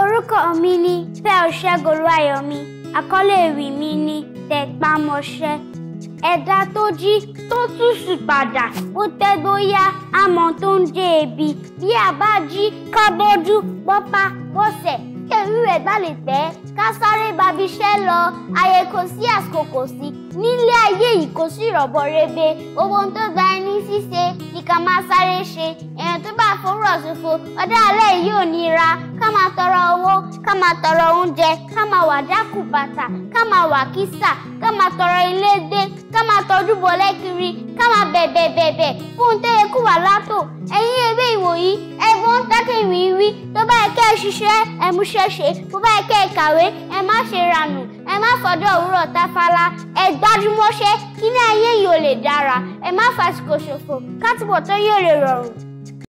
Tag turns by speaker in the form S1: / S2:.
S1: Orúkọ mi ni Spell Ṣẹ́gun Olúwayọ̀mí. Àkọ́lé ìwì mi ni Tẹpámọ́ṣẹ́ ẹ̀dá tó jí tó túṣù padà bó tẹ́ bóyá àmọ́ tó ń jẹ ebi bí àbá jí ká bọ́jú bọ́pá bọ́sẹ̀ kí èrí rẹ̀ bá lè pẹ́ ká sáré babiṣẹ́ lọ ayé kò sí àsìkò kò sí nílé ayé yìí kò sí ìrọ̀bọ̀ rebe ohun tó gba ẹni ṣíṣe ni ká máa sáré ṣe èèyàn tó bá fowórọ̀ ṣòfò ọdẹ alẹ́ yìí ò ní ra ká máa tọrọ owó ká máa tọrọ oúnjẹ ká máa àdákù bàtà ká máa wà kísà ká máa tọrọ ilé dé ká máa tọjú bọ̀lẹ́ kiri ká máa bẹ̀bẹ̀ bẹ̀bẹ̀ fún tẹ́yẹ kú wà látò ẹ̀yin ewé ìwòyí ẹ̀gbọ́n tákìrì wí tó bá yẹ kẹ́ ẹ ṣiṣẹ́ ẹ múṣẹ́ ṣe tó bá yẹ kẹ́ ẹ kàwé ẹ má ṣe ranù ẹ má fọdọ̀ òwúrọ̀ tafala ẹ gbájúmọ́ṣẹ́ kí ní ayé yìí ò lè dára ẹ má fàṣìkò ṣòfò ká túbọ̀ tó yóò rọrùn.